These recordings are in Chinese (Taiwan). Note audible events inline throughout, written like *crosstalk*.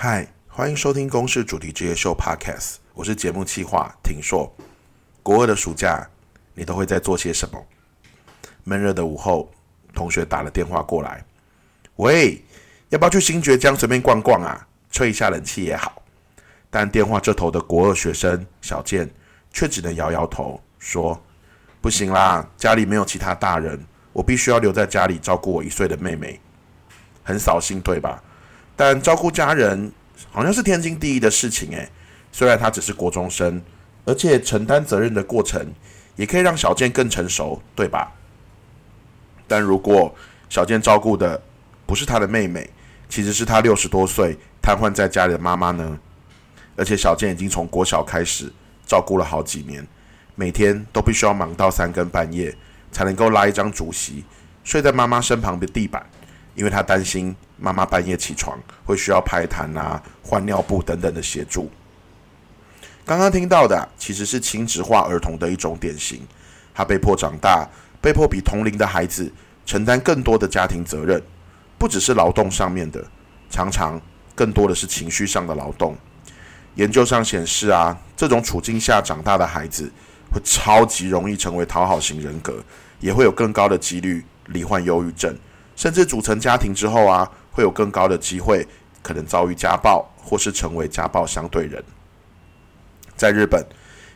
嗨，Hi, 歡迎收聽《公視主題之夜 SHOW Pod》Podcast，我是節目企劃庭碩。國二的暑假，你都會在做些什麼？悶熱的午後，同學打了電話過來：“喂，要不要去新堀江隨便逛逛啊，吹一下冷氣也好。”但電話這頭的國二學生小健卻只能搖搖頭說：“不行啦，家裡沒有其他大人，我必須要留在家裡照顧我一歲的妹妹。”很掃興對吧？但照顧家人好像是天經地義的事情誒，雖然他只是國中生，而且承擔責任的過程也可以讓小健更成熟，對吧？但如果小健照顧的不是他的妹妹，其實是他六十多歲癱瘓在家裡的媽媽呢？而且小健已經從國小開始照顧了好幾年，每天都必須要忙到三更半夜才能夠拉一張竹席睡在媽媽身旁的地板。因為他擔心媽媽半夜起床會需要排痰啊、換尿布等等的協助。剛剛聽到的其實是親職化兒童的一種典型，他被迫長大，被迫比同齡的孩子承擔更多的家庭責任，不只是勞動上面的，常常更多的是情緒上的勞動。研究上顯示啊，這種處境下長大的孩子會超級容易成為討好型人格，也會有更高的幾率罹患憂鬱症。甚至組成家庭之後啊，會有更高的機會可能遭遇家暴，或是成為家暴相對人。在日本，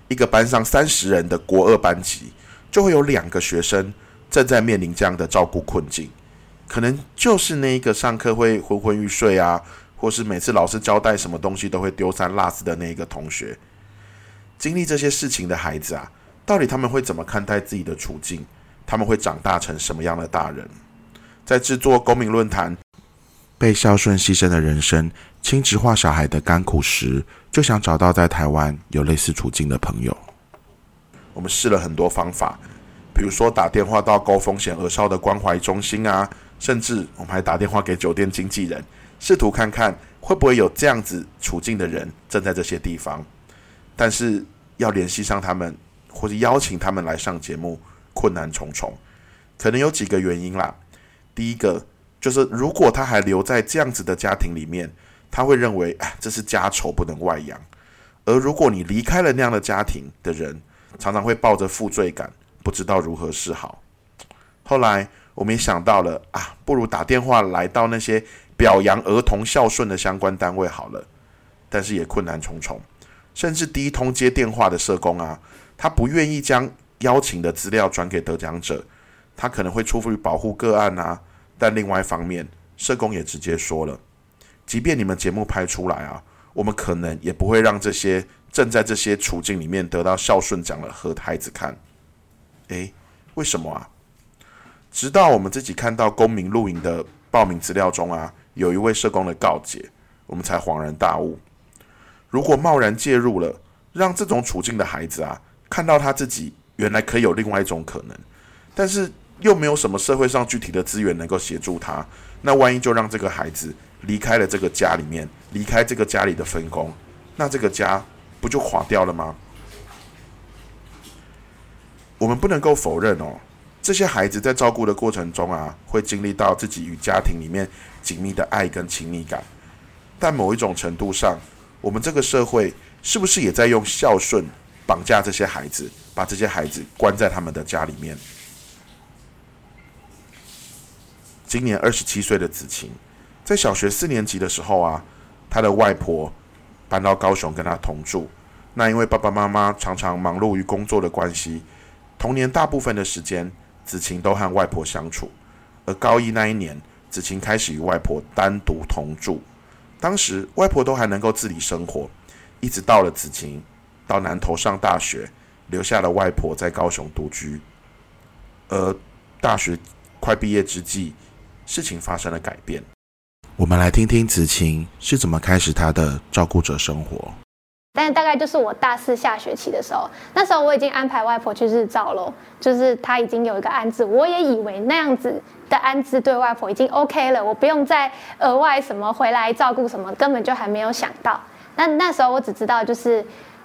一個班上三十人的國二班級，就會有兩個學生正在面臨這樣的照顧困境。可能就是那一個上課會昏昏欲睡啊，或是每次老師交代什麼東西都會丟三落四的那一個同學。經歷這些事情的孩子啊，到底他們會怎麼看待自己的處境？他們會長大成什麼樣的大人？在制作公民論壇，被孝順犧牲的人生、親職化小孩的甘苦時，就想找到在台灣有類似處境的朋友。我們試了很多方法，比如說打電話到高風險兒少的關懷中心啊，甚至我們還打電話給酒店經紀人，試圖看看會不會有這樣子處境的人正在這些地方。但是要聯繫上他們，或是邀請他們來上節目，困難重重。可能有幾個原因啦。第一個就是，如果他還留在這樣子的家庭裡面，他會認為，啊，這是家醜不能外揚。而如果你離開了那樣的家庭的人，常常會抱着負罪感，不知道如何是好。後來我們也想到了，啊，不如打電話來到那些表揚兒童孝順的相關單位好了，但是也困難重重，甚至第一通接電話的社工啊，他不願意將邀請的資料轉給得獎者。他可能會出於保護個案啊，但另外一方面，社工也直接說了，即便你們節目拍出來啊，我們可能也不會讓這些正在這些處境裡面得到孝順獎的和孩子看。誒，為什麼啊？直到我們自己看到公民露營的報名資料中啊，有一位社工的告誡，我們才恍然大悟：如果貿然介入了，讓這種處境的孩子啊，看到他自己原來可以有另外一種可能，但是。又沒有什麼社會上具體的資源能夠協助他，那萬一就讓這個孩子離開了這個家裡面，離開這個家裡的分工，那這個家不就垮掉了嗎？我們不能夠否認哦，這些孩子在照顧的過程中啊，會經歷到自己與家庭裡面緊密的愛跟親密感。但某一種程度上，我們這個社會是不是也在用孝順綁架這些孩子，把這些孩子關在他們的家裡面？今年二十七歲的子晴，在小學四年級的時候啊，他的外婆搬到高雄跟他同住。那因為爸爸媽媽常常忙碌於工作的關係，童年大部分的時間，子晴都和外婆相處。而高一那一年，子晴開始與外婆單獨同住。當時外婆都還能夠自理生活，一直到了子晴到南投上大學，留下了外婆在高雄獨居。而大學快畢業之際，事情發生了改變，我們來聽聽子晴是怎麼開始她的照顧者生活。但大概就是我大四下學期的時候，那時候我已經安排外婆去日照了，就是他已經有一個安置，我也以為那樣子的安置對外婆已經 OK 了，我不用再額外什麼回來照顧什麼，根本就還沒有想到。那那時候我只知道就是。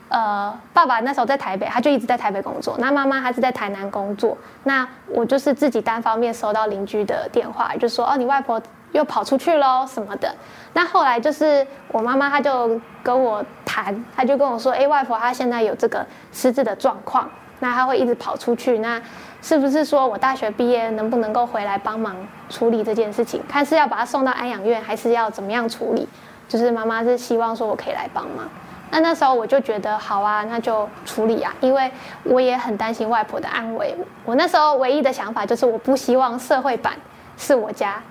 呃，爸爸那時候在台北，他就一直在台北工作。那媽媽她是在台南工作。那我就是自己單方面收到鄰居的電話，就說哦，你外婆又跑出去嘍什麼的。那後來就是我媽媽她就跟我談，她就跟我說，哎，外婆她現在有這個失智的狀況，那她會一直跑出去。那是不是說我大學畢業能不能夠回來幫忙處理這件事情？看是要把她送到安養院，還是要怎麼樣處理？就是媽媽是希望說我可以來幫忙。那那時候我就覺得好啊，那就處理啊，因為我也很擔心外婆的安危。我那時候唯一的想法就是，我不希望社會版是我家，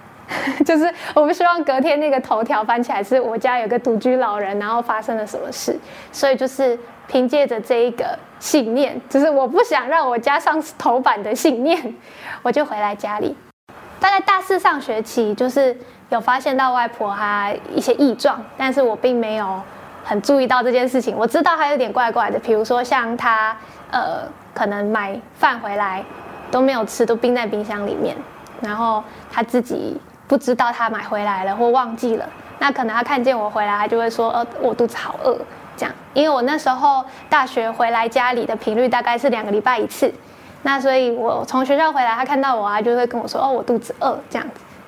就是我不希望隔天那個頭條翻起來是我家有個獨居老人，然後發生了什麼事。所以就是憑借着這一個信念，就是我不想讓我家上頭版的信念，我就回來家裡。大概大四上學期，就是有發現到外婆哈、啊、一些異狀，但是我並沒有很注意到這件事情，我知道他有點怪怪的。比如說，像他呃，可能買飯回來都沒有吃，都冰在冰箱裡面，然後他自己不知道他買回來了或忘記了。那可能他看見我回來，他就會說：“哦、呃，我肚子好餓。”這樣，因為我那時候大學回來家裡的頻率大概是兩個禮拜一次，那所以我從學校回來，他看到我啊，就會跟我說：“哦，我肚子餓。”這樣，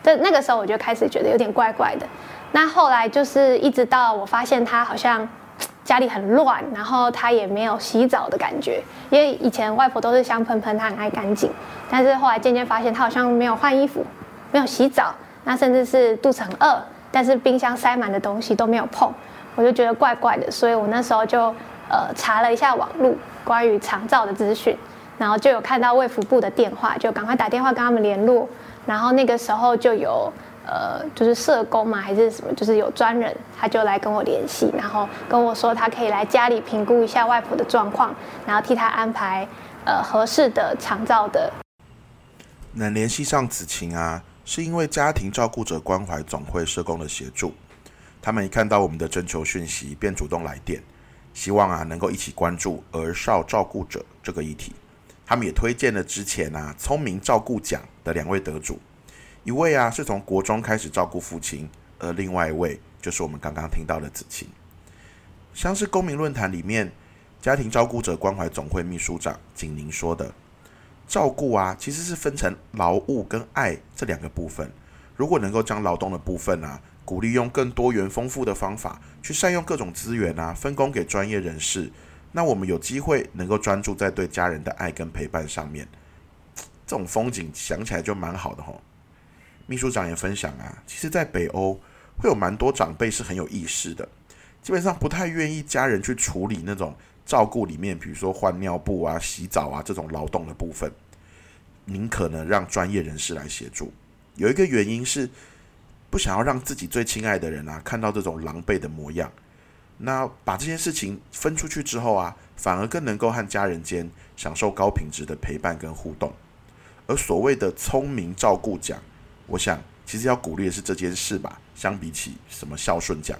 就那個時候我就開始覺得有點怪怪的。那後來就是一直到我發現他好像家裡很亂，然後他也沒有洗澡的感覺，因為以前外婆都是香噴噴，他很愛乾淨。但是後來漸漸發現他好像沒有換衣服，沒有洗澡，那甚至是肚子很餓，但是冰箱塞滿的東西都沒有碰，我就覺得怪怪的。所以我那時候就呃查了一下網路關於長照的資訊，然後就有看到衛福部的電話，就趕快打電話跟他們聯絡。然後那個時候就有。呃，就是社工嘛，還是什麼，就是有專人，他就來跟我聯繫，然後跟我說他可以來家裡評估一下外婆的狀況，然後替他安排呃合適的長照的。能聯繫上子晴啊，是因為家庭照顧者關懷總會社工的協助，他們一看到我們的徵求訊息，便主動來電，希望啊能夠一起關注兒少照顧者這個議題。他們也推薦了之前啊聰明照顧獎的兩位得主。一位啊是從國中開始照顧父親，而另外一位就是我們剛剛聽到的子晴。像是公民論壇裡面家庭照顧者關懷總會秘書長景寧說的，照顧啊其實是分成勞務跟愛這兩個部分。如果能夠將勞動的部分啊鼓勵用更多元豐富的方法去善用各種資源啊分工給專業人士，那我們有機會能夠專注在對家人的愛跟陪伴上面。這種風景想起來就蠻好的吼、哦。秘書長也分享啊，其實，在北歐會有蠻多長輩是很有意識的，基本上不太願意家人去處理那種照顧裡面，比如說換尿布啊、洗澡啊這種勞動的部分，寧可呢讓專業人士來協助。有一個原因是不想要讓自己最親愛的人啊看到這種狼狽的模樣。那把這件事情分出去之後啊，反而更能夠和家人間享受高品質的陪伴跟互動。而所謂的聰明照顧獎。我想，其實要鼓勵的是這件事吧，相比起什麼孝順獎。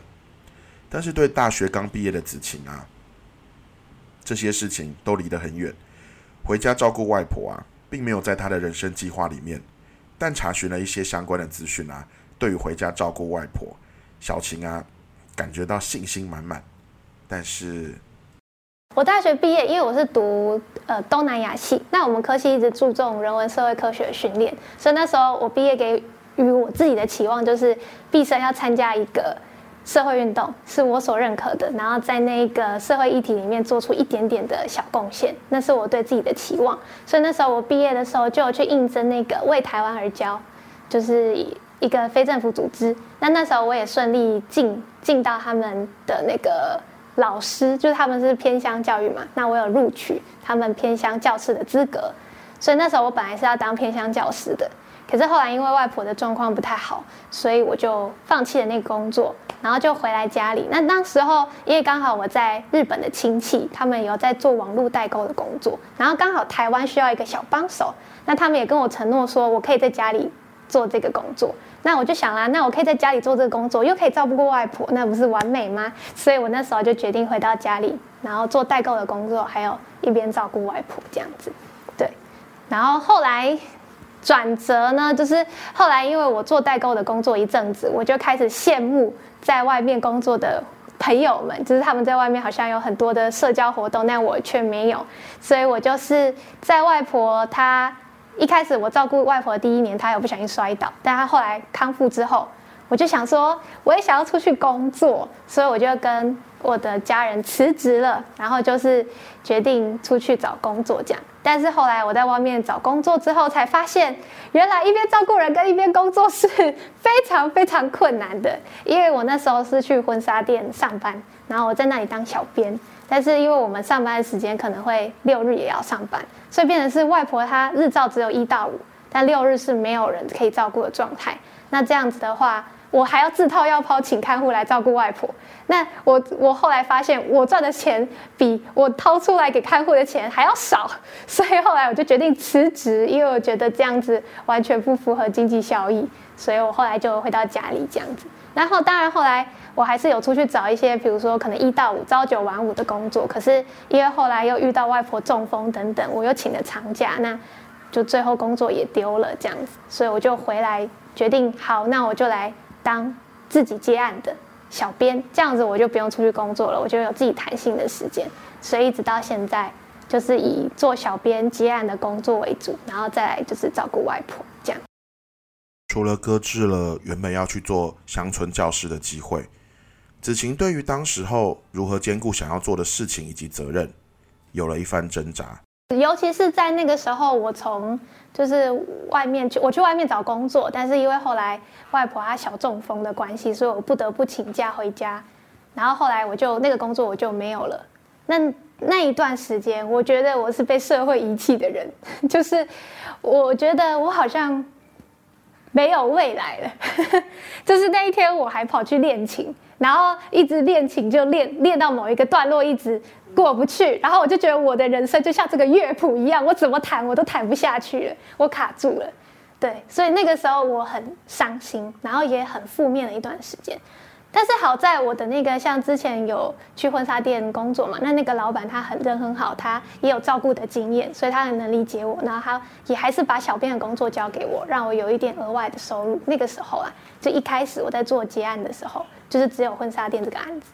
但是對大學剛畢業的子晴啊，這些事情都離得很遠。回家照顧外婆啊，並沒有在他的人生計劃裡面。但查詢了一些相關的資訊啊，對於回家照顧外婆，小晴啊，感覺到信心滿滿。但是。我大學畢業，因為我是讀呃東南亞系，那我們科系一直注重人文社會科學訓練，所以那時候我畢業給予我自己的期望就是畢生要參加一個社會運動，是我所認可的，然後在那個社會議題裡面做出一點點的小貢獻，那是我對自己的期望。所以那時候我畢業的時候就有去應徵那個為台灣而教，就是一個非政府組織。那那時候我也順利進進到他們的那個。老師就是他們是偏鄉教育嘛，那我有錄取他們偏鄉教師的資格，所以那時候我本來是要當偏鄉教師的，可是後來因為外婆的狀況不太好，所以我就放棄了那個工作，然後就回來家裡。那當時候因為剛好我在日本的親戚，他們有在做網絡代購的工作，然後剛好台灣需要一個小幫手，那他們也跟我承諾說，我可以在家裡做這個工作。那我就想啦，那我可以在家裡做這個工作，又可以照顧過外婆，那不是完美嗎？所以我那時候就決定回到家裡，然後做代購的工作，還有一邊照顧外婆這樣子。對，然後後來轉折呢，就是後來因為我做代購的工作一陣子，我就開始羨慕在外面工作的朋友們，就是他們在外面好像有很多的社交活動，但我卻沒有，所以我就是在外婆她。一開始我照顧外婆的第一年，她有不小心摔倒，但她後來康復之後，我就想說，我也想要出去工作，所以我就跟我的家人辭職了，然後就是決定出去找工作這樣。但是後來我在外面找工作之後，才發現原來一邊照顧人跟一邊工作是非常非常困難的。因為我那時候是去婚紗店上班，然後我在那裡當小編，但是因為我們上班的時間可能會六日也要上班。所以變成是外婆，她日照只有一到五，但六日是沒有人可以照顧的狀態。那這樣子的話，我還要自掏腰包請看護來照顧外婆。那我我後來發現，我賺的錢比我掏出來給看護的錢還要少。所以後來我就決定辭職，因為我覺得這樣子完全不符合經濟效益。所以我後來就回到家裡這樣子。然後當然後來，我還是有出去找一些，比如說可能一到五，朝九晚五的工作。可是因為後來又遇到外婆中風等等，我又請了長假，那就最後工作也丟了這樣子，所以我就回來決定，好，那我就來當自己接案的小編，這樣子我就不用出去工作了，我就有自己彈性的時間。所以一直到現在，就是以做小編接案的工作為主，然後再來就是照顧外婆這樣。除了擱置了原本要去做鄉村教師的機會。子晴對於當時候如何兼顧，想要做的事情以及責任，有了一番掙扎。尤其是在那個時候，我從就是外面去，我去外面找工作，但是因為後來外婆她小中風的關係，所以我不得不請假回家。然後後來我就那個工作我就沒有了。那那一段時間，我覺得我是被社會遺棄的人，就是我覺得我好像沒有未來了。呵呵，就是那一天，我還跑去練琴。然後一直練琴，就練練到某一個段落，一直過不去。然後我就覺得我的人生就像這個樂譜一樣，我怎麼彈我都彈不下去了，我卡住了。對，所以那個時候我很傷心，然後也很負面了一段時間。但是好在我的那個像之前有去婚紗店工作嘛，那那個老闆他很他人很好，他也有照顧的經驗，所以他很能理解我。然後他也還是把小編的工作交給我，讓我有一點額外的收入。那個時候啊，就一開始我在做接案的時候。就是只有婚紗店這個案子，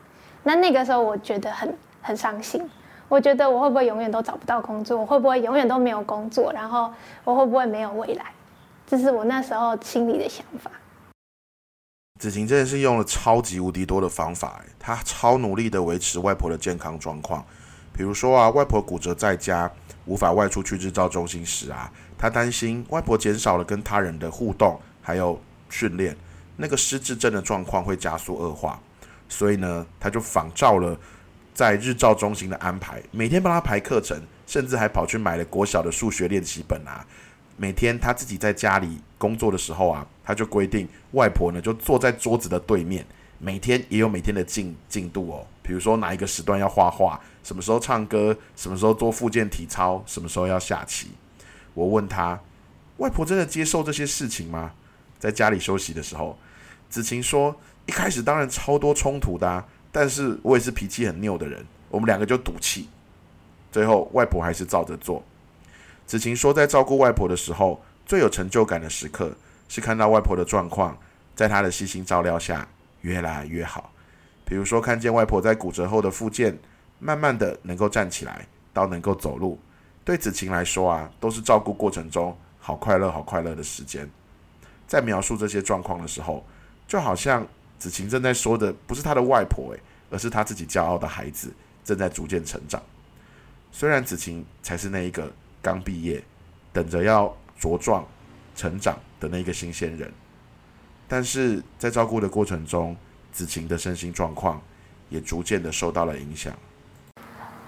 那那個時候我覺得很很傷心，我覺得我會不會永遠都找不到工作，我會不會永遠都沒有工作，然後我會不會沒有未來，這是我那時候心裡的想法。子晴真的是用了超級無敵多的方法，她超努力的維持外婆的健康狀況，比如說啊，外婆骨折在家無法外出去日照中心時啊，她擔心外婆減少了跟他人的互動還有訓練。那個失智症的狀況會加速惡化，所以呢，他就仿照了在日照中心的安排，每天幫他排課程，甚至還跑去買了國小的數學練習本啊。每天他自己在家裡工作的時候啊，他就規定外婆呢就坐在桌子的對面，每天也有每天的進進度哦。比如說哪一個時段要畫畫，什麼時候唱歌，什麼時候做復健體操，什麼時候要下棋。我問他，外婆真的接受這些事情嗎？在家裡休息的時候。子晴說：“一開始當然超多衝突的啊，但是我也是脾氣很拗的人，我們兩個就賭氣。最後外婆還是照着做。”子晴說：“在照顧外婆的時候，最有成就感的時刻是看到外婆的狀況，在她的悉心照料下越來越好。比如說，看見外婆在骨折後的復健，慢慢的能夠站起來，到能夠走路，對子晴來說啊，都是照顧過程中好快樂、好快樂的時間。在描述這些狀況的時候。”就好像子晴正在說的，不是他的外婆耶，而是他自己驕傲的孩子正在逐漸成長。雖然子晴才是那一個剛畢業、等着要茁壯成長的那一個新鮮人，但是在照顧的過程中，子晴的身心狀況也逐漸的受到了影響。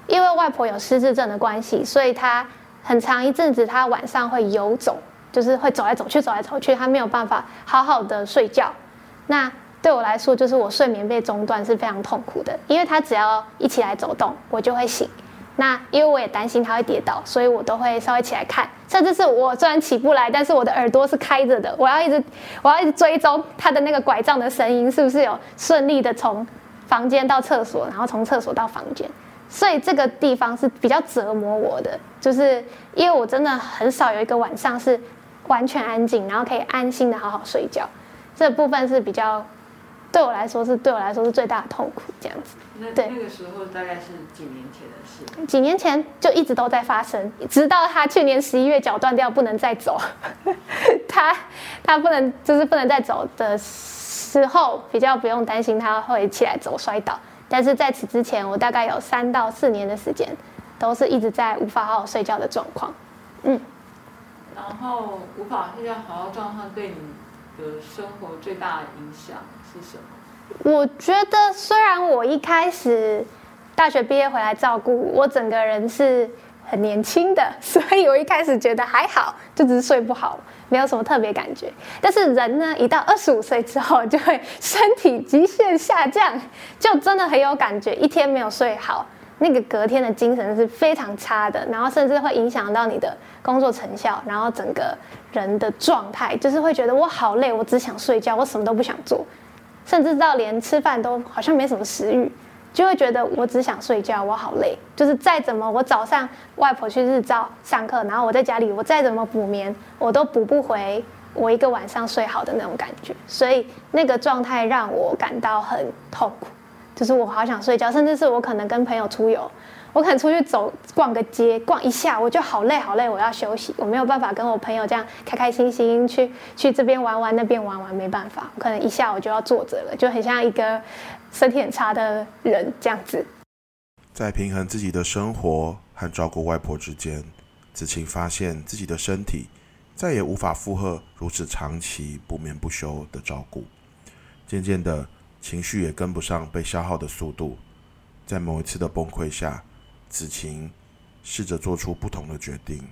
因為外婆有失智症的關係，所以她很長一陣子，她晚上會遊走，就是會走來走去、走來走去，她沒有辦法好好的睡覺。那對我來說，就是我睡眠被中斷是非常痛苦的，因為他只要一起來走動，我就會醒。那因為我也擔心他會跌倒，所以我都會稍微起來看，甚至是我雖然起不來，但是我的耳朵是開着的，我要一直，我要一直追蹤他的那個拐杖的聲音，是不是有順利的從房間到廁所，然後從廁所到房間。所以這個地方是比較折磨我的，就是因為我真的很少有一個晚上是完全安靜，然後可以安心的好好睡覺。這部分是比較，對我來說是對我來說是最大的痛苦，這樣子。那對，那個時候大概是幾年前的事？幾年前就一直都在發生，直到他去年十一月腳斷掉，不能再走。呵呵他他不能就是不能再走的時候，比較不用擔心他會起來走摔倒。但是在此之前，我大概有三到四年的時間，都是一直在無法好好睡覺的狀況。嗯。然後無法睡覺好好狀況對你的生活最大的影響是什麼？我覺得，雖然我一開始大學畢業回來照顧我，整個人是很年輕的，所以我一開始覺得還好，就只是睡不好，沒有什麼特別感覺。但是人呢，一到二十五歲之後，就會身體極限下降，就真的很有感覺，一天沒有睡好，那個隔天的精神是非常差的，然後甚至會影響到你的工作成效，然後整個人的狀態就是會覺得我好累，我只想睡覺，我什麼都不想做，甚至到連吃飯都好像沒什麼食欲，就會覺得我只想睡覺，我好累。就是再怎麼我早上外婆去日照上課，然後我在家裡我再怎麼補眠，我都補不回我一個晚上睡好的那種感覺，所以那個狀態讓我感到很痛苦。就是我好想睡覺，甚至是我可能跟朋友出遊，我可能出去走逛個街，逛一下，我就好累好累，我要休息，我沒有辦法跟我朋友這樣開開心心去去這邊玩玩那邊玩玩，沒辦法，我可能一下我就要坐着了，就很像一個身體很差的人這樣子。在平衡自己的生活和照顧外婆之間，子晴發現自己的身體再也無法負荷如此長期不眠不休的照顧，漸漸的。情緒也跟不上被消耗的速度，在某一次的崩潰下，子晴試着做出不同的決定。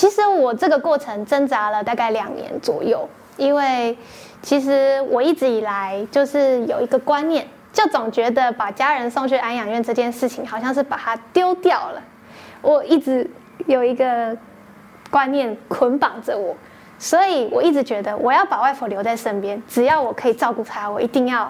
其實我這個過程掙扎了大概兩年左右，因為其實我一直以來就是有一個觀念，就總覺得把家人送去安養院這件事情，好像是把他丟掉了。我一直有一個觀念捆綁着我，所以我一直覺得我要把外婆留在身邊，只要我可以照顧她，我一定要。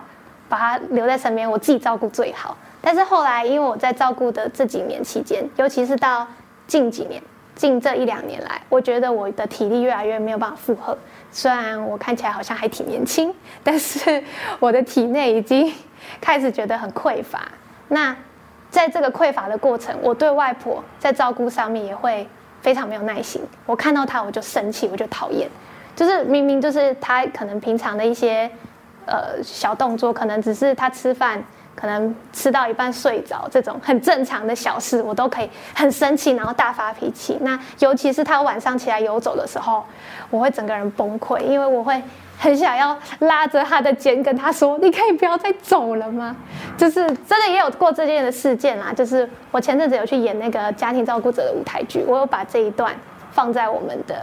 把她留在身邊，我自己照顧最好。但是後來，因為我在照顧的這幾年期間，尤其是到近幾年，近這一兩年來，我覺得我的體力越來越沒有辦法負荷。雖然我看起來好像還挺年輕，但是我的體內已經開始覺得很匱乏。那在這個匱乏的過程，我對外婆在照顧上面也會非常沒有耐心。我看到她，我就生氣，我就討厭。就是明明就是她，可能平常的一些。呃，小動作可能只是他吃飯，可能吃到一半睡着，這種很正常的小事，我都可以很生氣，然後大發脾氣。那尤其是他晚上起來遊走的時候，我會整個人崩潰，因為我會很想要拉着他的肩，跟他說：“你可以不要再走了嗎？”就是真的也有過這件的事件啦。就是我前陣子有去演那個家庭照顧者的舞台劇，我有把這一段放在我們的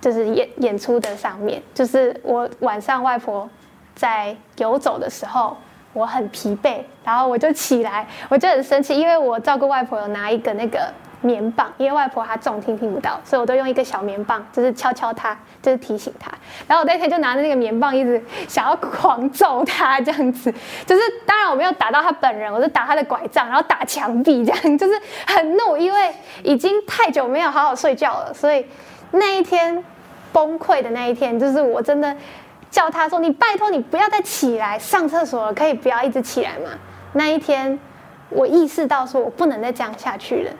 就是演演出的上面，就是我晚上外婆。在遊走的時候，我很疲憊，然後我就起來，我就很生氣，因為我照顧外婆有拿一個那個棉棒，因為外婆她重聽聽不到，所以我都用一個小棉棒，就是敲敲她，就是提醒她。然後我那天就拿着那個棉棒，一直想要狂揍她，這樣子，就是當然我沒有打到她本人，我就打她的拐杖，然後打牆壁，這樣就是很怒，因為已經太久沒有好好睡覺了，所以那一天崩潰的那一天，就是我真的。叫他說：“你拜託，你不要再起來上廁所，可以不要一直起來嗎？”那一天，我意識到說，我不能再這樣下去了，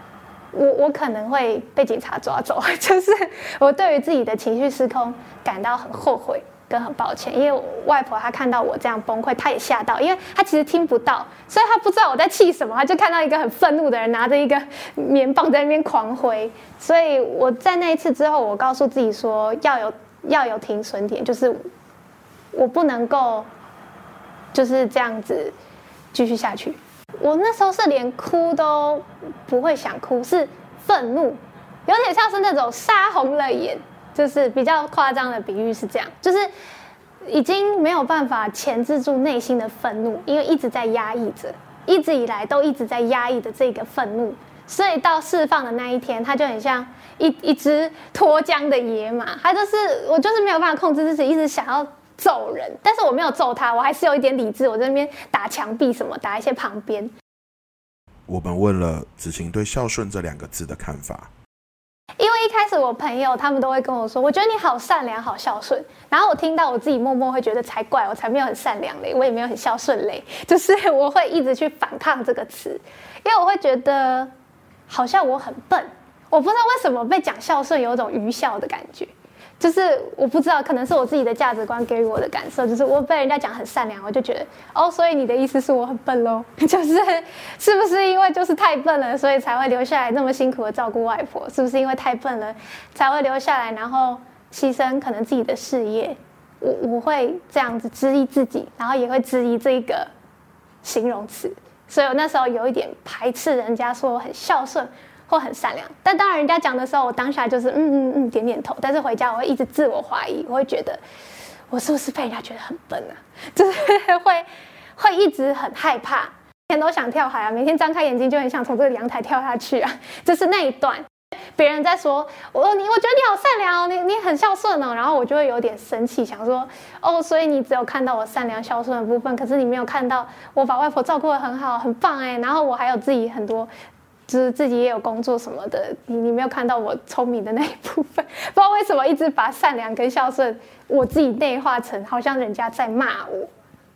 我我可能會被警察抓走。就是我對於自己的情緒失控感到很後悔跟很抱歉，因為我外婆她看到我這樣崩潰，她也嚇到，因為她其實聽不到，所以她不知道我在氣什麼，她就看到一個很憤怒的人拿着一個棉棒在那邊狂揮。所以我在那一次之後，我告訴自己說，要有要有停損點，就是。我不能夠就是這樣子繼續下去。我那時候是連哭都不會想哭，是憤怒，有點像是那種殺紅了眼，就是比較誇張的比喻是這樣，就是已經沒有辦法鉗制住內心的憤怒，因為一直在壓抑着，一直以來都一直在壓抑着這個憤怒，所以到釋放的那一天，他就很像一一隻脫韁的野馬，他就是我就是沒有辦法控制自己，一直想要。揍人，但是我沒有揍他，我還是有一點理智，我在那邊打牆壁什麼，打一些旁邊。我們問了子晴對孝順這兩個字的看法，因為一開始我朋友他們都會跟我說，我覺得你好善良，好孝順。然後我聽到我自己默默會覺得才怪，我才沒有很善良嘞，我也沒有很孝順嘞，就是我會一直去反抗這個詞，因為我會覺得好像我很笨，我不知道為什麼被講孝順有一種愚孝的感覺。就是我不知道，可能是我自己的價值觀給予我的感受。就是我被人家講得很善良，我就覺得哦，所以你的意思是我很笨嘍？就是是不是因為就是太笨了，所以才會留下來那麼辛苦的照顧外婆？是不是因為太笨了才會留下來，然後犧牲可能自己的事業？我我會這樣子質疑自己，然後也會質疑這個形容詞。所以我那時候有一點排斥人家說我很孝順。會很善良，但當然人家講的時候，我當下就是嗯嗯嗯點點頭。但是回家我會一直自我懷疑，我會覺得我是不是被人家覺得很笨啊？就是會會一直很害怕，每天都想跳海啊！每天張開眼睛就很想從這個陽台跳下去啊！就是那一段，別人在說我說你，我覺得你好善良哦，你你很孝順哦，然後我就會有點生氣，想說哦，所以你只有看到我善良孝順的部分，可是你沒有看到我把外婆照顧得很好，很棒哎，欸，然後我還有自己很多。就是自己也有工作什麼的，你你沒有看到我聰明的那一部分， *laughs* 不知道為什麼一直把善良跟孝順，我自己內化成好像人家在罵我，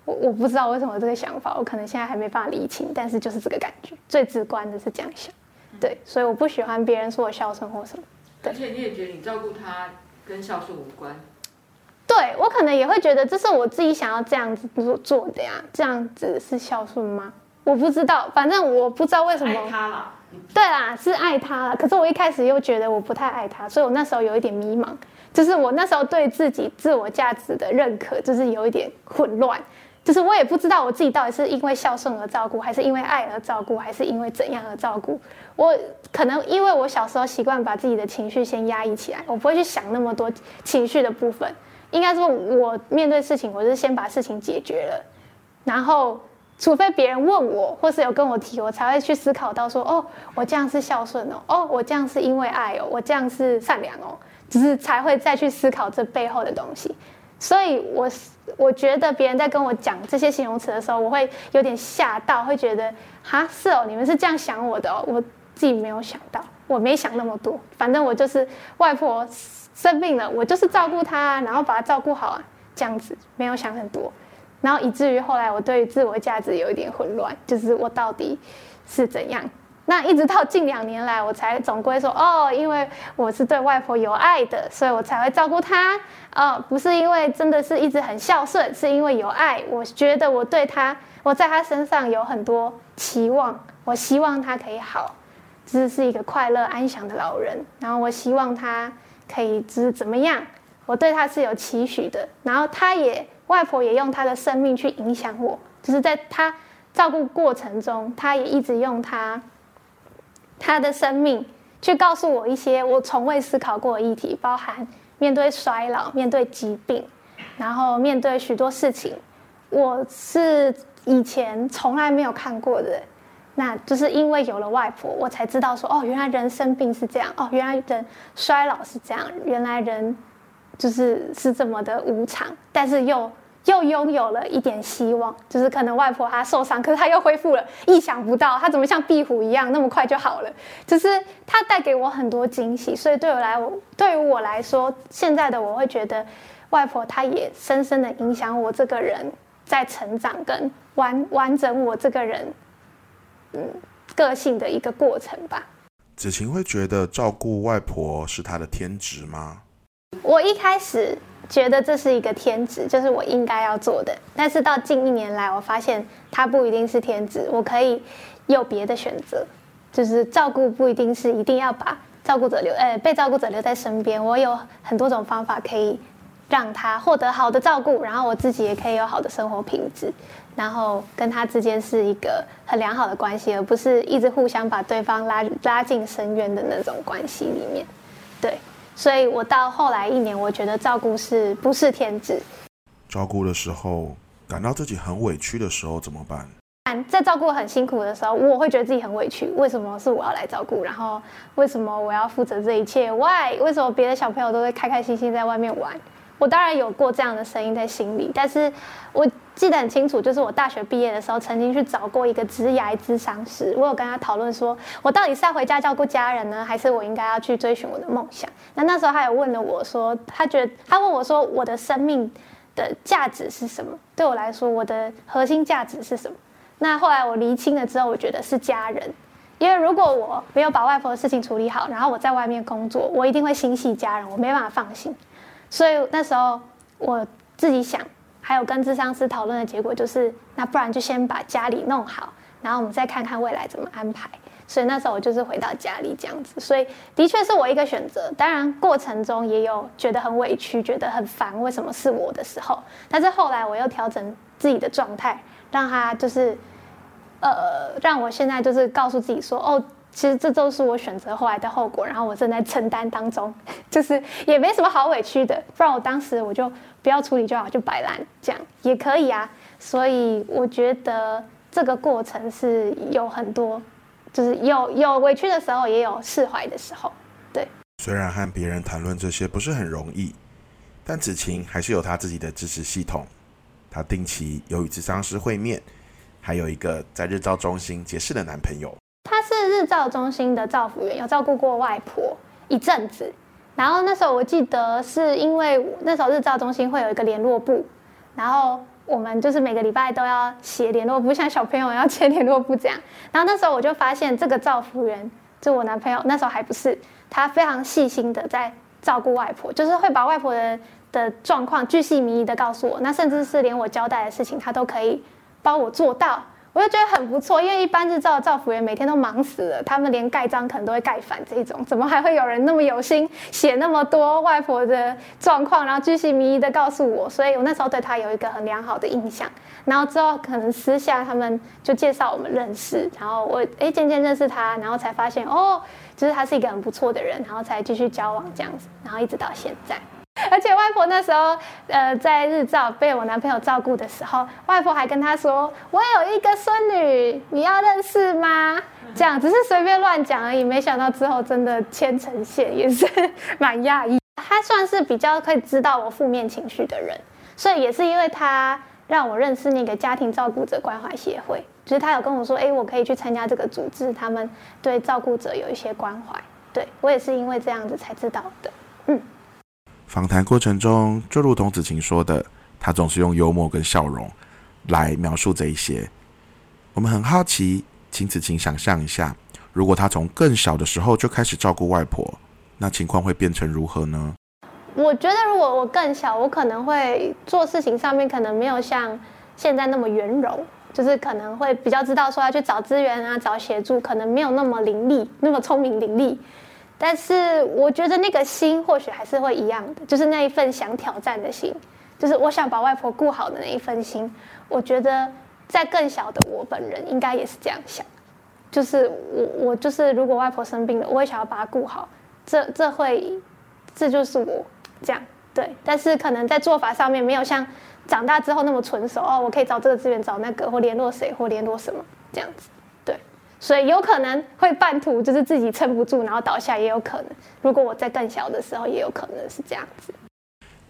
我我不知道為什麼這個想法，我可能現在還沒辦法理清，但是就是這個感覺，最直觀的是這樣想，對，所以我不喜歡別人說我孝順或什麼。而且你也覺得你照顧他跟孝順無關？對，我可能也會覺得這是我自己想要這樣子做做的呀，這樣子是孝順嗎？我不知道，反正我不知道為什麼。對啦，是愛他啦。可是我一開始又覺得我不太愛他，所以我那時候有一點迷茫，就是我那時候對自己自我價值的認可就是有一點混亂，就是我也不知道我自己到底是因為孝順而照顧，還是因為愛而照顧，還是因為怎樣而照顧。我可能因為我小時候習慣把自己的情緒先壓抑起來，我不會去想那麼多情緒的部分。應該說，我面對事情，我是先把事情解決了，然後。除非別人問我，或是有跟我提，我才會去思考到說，哦，我這樣是孝順哦，哦，我這樣是因為愛哦，我這樣是善良哦，只、就是才會再去思考這背後的東西。所以我，我我覺得別人在跟我講這些形容詞的時候，我會有點嚇到，會覺得，哈，是哦，你們是這樣想我的哦，我自己沒有想到，我沒想那麼多，反正我就是外婆生病了，我就是照顧她，啊，然後把她照顧好啊，這樣子沒有想很多。然後以至於後來，我對於自我價值有一點混亂，就是我到底是怎樣？那一直到近兩年來，我才總歸說，哦，因為我是對外婆有愛的，所以我才會照顧她。哦，不是因為真的是一直很孝順，是因為有愛。我覺得我對他，我在他身上有很多期望，我希望他可以好，只是一個快樂安詳的老人。然後我希望他可以就是怎麼樣，我對他是有期許的。然後他也。外婆也用她的生命去影響我，就是在她照顧過程中，她也一直用她，她的生命去告訴我一些我從未思考過的議題，包含面對衰老、面對疾病，然後面對許多事情，我是以前從來沒有看過的。那就是因為有了外婆，我才知道說，哦，原來人生病是這樣，哦，原來人衰老是這樣，原來人就是是這麼的無常，但是又。又擁有了一點希望，就是可能外婆她受傷，可是她又恢復了，意想不到，她怎麼像壁虎一樣那麼快就好了？就是她帶給我很多驚喜，所以對我來，對於我來說，現在的我會覺得，外婆她也深深的影響我這個人在成長跟完完整我這個人，嗯，個性的一個過程吧。子晴會覺得照顧外婆是她的天職嗎？我一開始。覺得這是一個天職，就是我應該要做的。但是到近一年來，我發現他不一定是天職，我可以有別的選擇，就是照顧不一定是一定要把照顧者留，呃、欸，被照顧者留在身邊。我有很多種方法可以讓他獲得好的照顧，然後我自己也可以有好的生活品質，然後跟他之間是一個很良好的關係，而不是一直互相把對方拉拉進深淵的那種關係裡面。對。所以，我到後來一年，我覺得照顧是不是天職？照顧的時候，感到自己很委屈的時候怎麼辦？在照顧很辛苦的時候，我會覺得自己很委屈。為什麼是我要來照顧？然後為什麼我要負責這一切？Why？為什麼別的小朋友都會開開心心在外面玩？我當然有過這樣的聲音在心裡，但是我。記得很清楚，就是我大學畢業的時候，曾經去找過一個職業諮商師。我有跟他討論說，說我到底是要回家照顧家人呢，還是我應該要去追尋我的夢想？那那時候他有問了我說，他覺得他問我說，我的生命的價值是什麼？對我來說，我的核心價值是什麼？那後來我釐清了之後，我覺得是家人，因為如果我沒有把外婆的事情處理好，然後我在外面工作，我一定會心繫家人，我沒辦法放心。所以那時候我自己想。還有跟諮商師討論的結果就是，那不然就先把家裡弄好，然後我們再看看未來怎麼安排。所以那時候我就是回到家裡這樣子，所以的確是我一個選擇。當然過程中也有覺得很委屈、覺得很煩，為什麼是我的時候？但是後來我又調整自己的狀態，讓他就是，呃，讓我現在就是告訴自己說，哦。其實這就是我選擇後來的後果，然後我正在承擔當中，就是也沒什麼好委屈的。不然我當時我就不要處理就好，就擺爛這樣也可以啊。所以我覺得這個過程是有很多，就是有有委屈的時候，也有釋懷的時候。對，雖然和別人談論這些不是很容易，但子晴還是有她自己的支持系統。她定期有與諮商師會面，還有一個在日照中心結識的男朋友。他是日照中心的照服員，有照顧過外婆一陣子。然後那時候我記得是因為那時候日照中心會有一個聯絡簿，然後我們就是每個禮拜都要寫聯絡簿，像小朋友要簽聯絡簿這樣。然後那時候我就發現這個照服員，就我男朋友那時候還不是，他非常細心的在照顧外婆，就是會把外婆的的狀況巨細靡遺的告訴我，那甚至是連我交代的事情，他都可以幫我做到。我就覺得很不錯，因為一般日照照服務員每天都忙死了，他們連蓋章可能都會蓋反，這種怎麼還會有人那麼有心寫那麼多外婆的狀況，然後鉅細靡遺的告訴我，所以我那時候對他有一個很良好的印象。然後之後可能私下他們就介紹我們認識，然後我哎漸漸認識他，然後才發現哦，就是他是一個很不錯的人，然後才繼續交往這樣子，然後一直到現在。而且外婆那時候，呃，在日照被我男朋友照顧的時候，外婆還跟他說：“我有一個孫女，你要認識嗎？”這樣只是隨便亂講而已，沒想到之後真的牽成線，也是，呵呵，蠻訝異。他算是比較會知道我負面情緒的人，所以也是因為他讓我認識那個家庭照顧者關懷協會，就是他有跟我說：“哎、欸，我可以去參加這個組織，他們對照顧者有一些關懷。對”對我也是因為這樣子才知道的。訪談過程中，就如同子晴說的，她總是用幽默跟笑容來描述這一些。我們很好奇，請子晴想象一下，如果她從更小的時候就開始照顧外婆，那情況會變成如何呢？我覺得，如果我更小，我可能會做事情上面可能沒有像現在那麼圓融，就是可能會比較知道說要去找資源啊、找協助，可能沒有那麼伶俐，那麼聰明伶俐。但是我覺得那個心或許還是會一樣的，就是那一份想挑戰的心，就是我想把外婆顧好的那一份心。我覺得在更小的我本人應該也是這樣想，就是我我就是如果外婆生病了，我也想要把她顧好。這這會，這就是我這樣對。但是可能在做法上面沒有像長大之後那麼純熟哦，我可以找這個資源，找那個或聯絡誰或聯絡什麼這樣子。所以有可能會半途就是自己撐不住，然後倒下也有可能。如果我在更小的時候，也有可能是這樣子。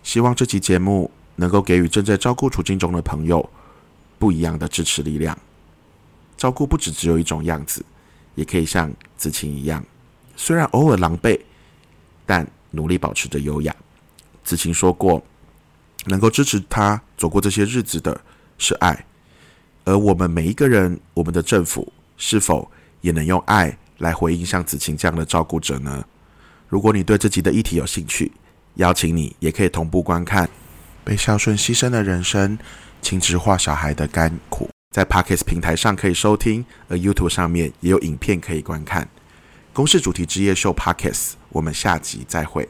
希望這期節目能夠給予正在照顧處境中的朋友不一樣的支持力量。照顧不只只有一種樣子，也可以像子晴一樣，雖然偶爾狼狽，但努力保持着優雅。子晴說過，能夠支持他走過這些日子的是愛，而我們每一個人，我們的政府，是否也能用愛來回應像子晴這樣的照顧者呢？如果你對這集的議題有興趣，邀請你也可以同步觀看《被孝順犧牲的人生》，親職化小孩的甘苦，在 Podcast 平台上可以收聽，而 YouTube 上面也有影片可以觀看。公視主題之夜秀 Podcast，我們下集再會。